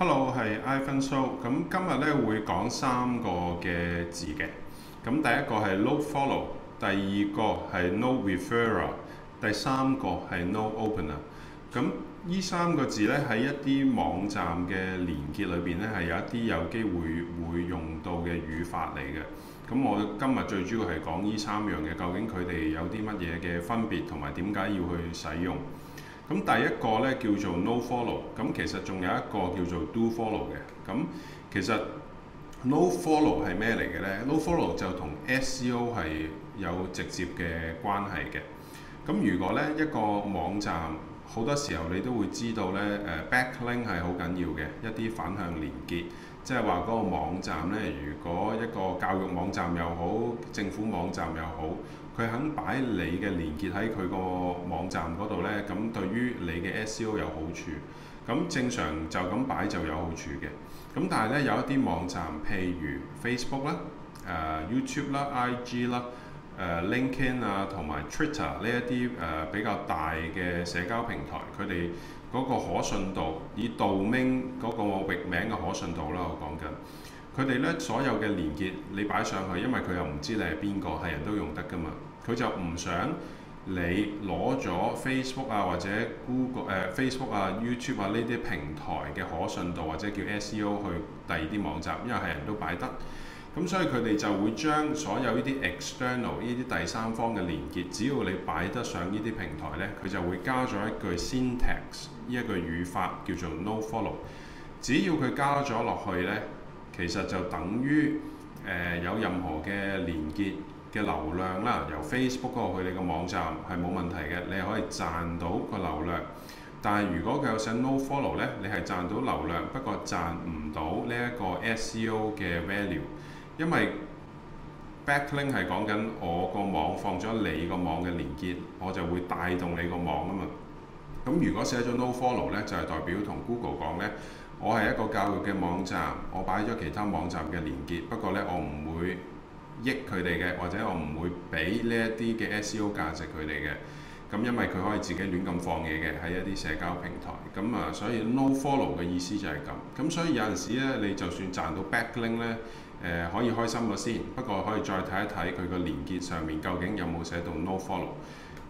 Hello，我係 Ivan So。咁今日咧會講三個嘅字嘅。咁第一個係 no follow，第二個係 no referrer，第三個係 no opener。咁呢三個字咧喺一啲網站嘅連結裏邊咧係有一啲有機會會用到嘅語法嚟嘅。咁我今日最主要係講呢三樣嘅究竟佢哋有啲乜嘢嘅分別同埋點解要去使用？咁第一個咧叫做 no follow，咁其實仲有一個叫做 do follow 嘅。咁其實 no follow 係咩嚟嘅呢？no follow 就同 SEO 係有直接嘅關係嘅。咁如果呢一個網站，好多時候你都會知道呢，誒 backlink 係好緊要嘅，一啲反向連結，即係話嗰個網站呢，如果一個教育網站又好，政府網站又好。佢肯擺你嘅連結喺佢個網站嗰度呢，咁對於你嘅 SEO 有好處。咁正常就咁擺就有好處嘅。咁但係呢，有一啲網站，譬如 Facebook 啦、呃、YouTube 啦、呃、IG 啦、啊、LinkedIn 啊同埋 Twitter 呢一啲誒、呃、比較大嘅社交平台，佢哋嗰個可信度，以 domain 嗰個域名嘅可信度啦，我講緊。佢哋咧所有嘅連結你擺上去，因為佢又唔知你係邊個，係人都用得㗎嘛。佢就唔想你攞咗 Facebook 啊或者 Google 誒、呃、Facebook 啊、YouTube 啊呢啲平台嘅可信度或者叫 SEO 去第二啲網站，因為係人都擺得。咁所以佢哋就會將所有呢啲 external 呢啲第三方嘅連結，只要你擺得上呢啲平台呢，佢就會加咗一句 syntax 呢一句語法叫做 no follow。只要佢加咗落去呢。其實就等於誒有任何嘅連結嘅流量啦，由 Facebook 過去你個網站係冇問題嘅，你係可以賺到個流量。但係如果佢有寫 no follow 咧，你係賺到流量，不過賺唔到呢一個 SEO 嘅 value，因為 backlink 係講緊我個網放咗你個網嘅連結，我就會帶動你個網啊嘛。咁如果寫咗 no follow 咧，就係代表同 Google 講咧。我係一個教育嘅網站，我擺咗其他網站嘅連結。不過呢，我唔會益佢哋嘅，或者我唔會俾呢一啲嘅 SEO 價值佢哋嘅。咁因為佢可以自己亂咁放嘢嘅喺一啲社交平台。咁啊，所以 no follow 嘅意思就係咁。咁所以有陣時呢，你就算賺到 backlink 呢、呃，可以開心咗先。不過可以再睇一睇佢個連結上面究竟有冇寫到 no follow。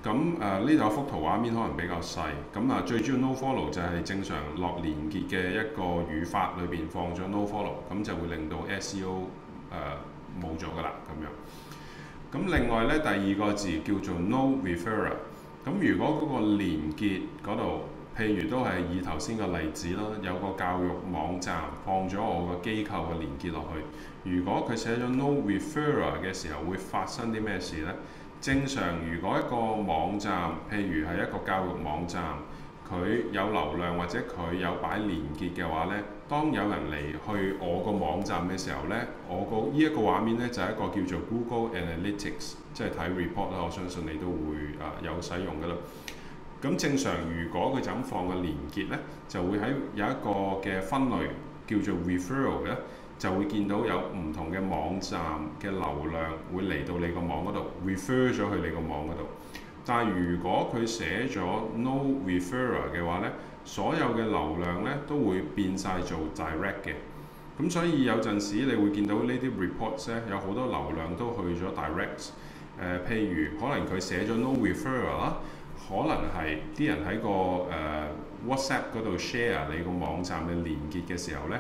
咁誒呢度幅圖畫面可能比較細，咁啊最主要 no follow 就係正常落連結嘅一個語法裏邊放咗 no follow，咁就會令到 SEO 冇咗噶啦咁樣。咁另外呢，第二個字叫做 No Referrer。咁如果嗰個連結嗰度，譬如都係以頭先個例子啦，有個教育網站放咗我個機構嘅連結落去，如果佢寫咗 No Referrer 嘅時候，會發生啲咩事呢？正常如果一個網站，譬如係一個教育網站，佢有流量或者佢有擺連結嘅話呢，當有人嚟去我個網站嘅時候呢，我個呢一個畫面呢，就係一個叫做 Google Analytics，即係睇 report 啦。我相信你都會啊有使用嘅啦。咁正常如果佢就咁放個連結呢，就會喺有一個嘅分類叫做 referral 嘅。就會見到有唔同嘅網站嘅流量會嚟到你個網嗰度，refer 咗去你個網嗰度。但係如果佢寫咗 no referral 嘅話呢，所有嘅流量呢都會變晒做 direct 嘅。咁所以有陣時你會見到呢啲 reports 呢，有好多流量都去咗 direct，呃。譬如可能佢寫咗 no referral 啦，可能係啲、no、人喺個誒、呃、WhatsApp 嗰度 share 你個網站嘅連結嘅時候呢。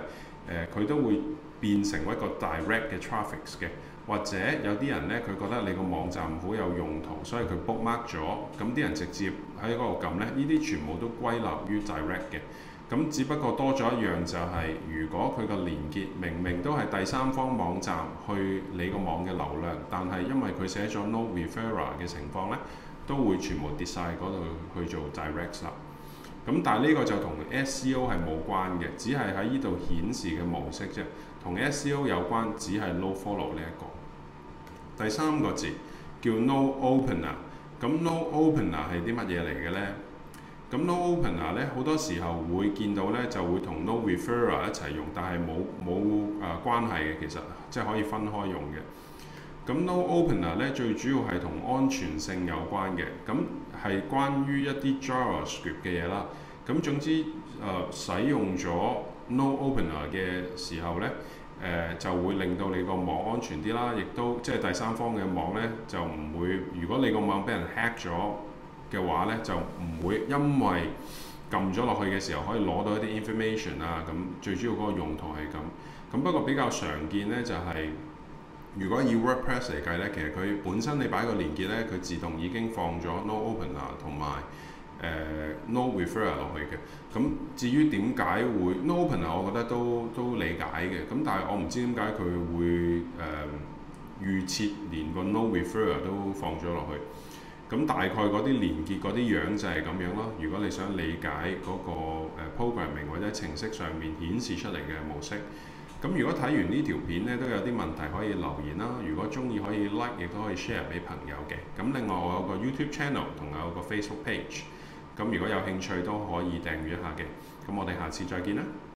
誒佢都會變成一個 direct 嘅 traffics 嘅，或者有啲人呢，佢覺得你個網站好有用途，所以佢 bookmark 咗，咁啲人直接喺嗰度撳呢，呢啲全部都歸納於 direct 嘅。咁只不過多咗一樣就係，如果佢個連結明明都係第三方網站去你個網嘅流量，但係因為佢寫咗 no referral 嘅情況呢，都會全部跌晒嗰度去做 direct 啦。咁但係呢個就同 SEO 係冇關嘅，只係喺呢度顯示嘅模式啫。同 SEO 有關，只係 no follow 呢一個。第三個字叫 no opener。咁 no opener 係啲乜嘢嚟嘅呢？咁 no opener 咧好多時候會見到咧，就會同 no referrer 一齊用，但係冇冇誒關係嘅，其實即係可以分開用嘅。咁 No Opener 咧最主要係同安全性有關嘅，咁係關於一啲 JavaScript 嘅嘢啦。咁總之，誒、呃、使用咗 No Opener 嘅時候咧，誒、呃、就會令到你個網安全啲啦，亦都即係第三方嘅網咧就唔會。如果你個網俾人 hack 咗嘅話咧，就唔會因為撳咗落去嘅時候可以攞到一啲 information 啊。咁最主要嗰個用途係咁。咁不過比較常見咧就係、係。如果以 WordPress 嚟計咧，其實佢本身你擺個連結咧，佢自動已經放咗 no opener 同埋誒 no referrer 落去嘅。咁至於點解會 no opener，我覺得都都理解嘅。咁但係我唔知點解佢會誒預設連個 no referrer 都放咗落去。咁大概嗰啲連結嗰啲樣就係咁樣咯。如果你想理解嗰個 programming 或者程式上面顯示出嚟嘅模式。咁如果睇完呢條片咧，都有啲問題可以留言啦。如果中意可以 like，亦都可以 share 俾朋友嘅。咁另外我有個 YouTube channel，同埋有個 Facebook page。咁如果有興趣都可以訂閱一下嘅。咁我哋下次再見啦。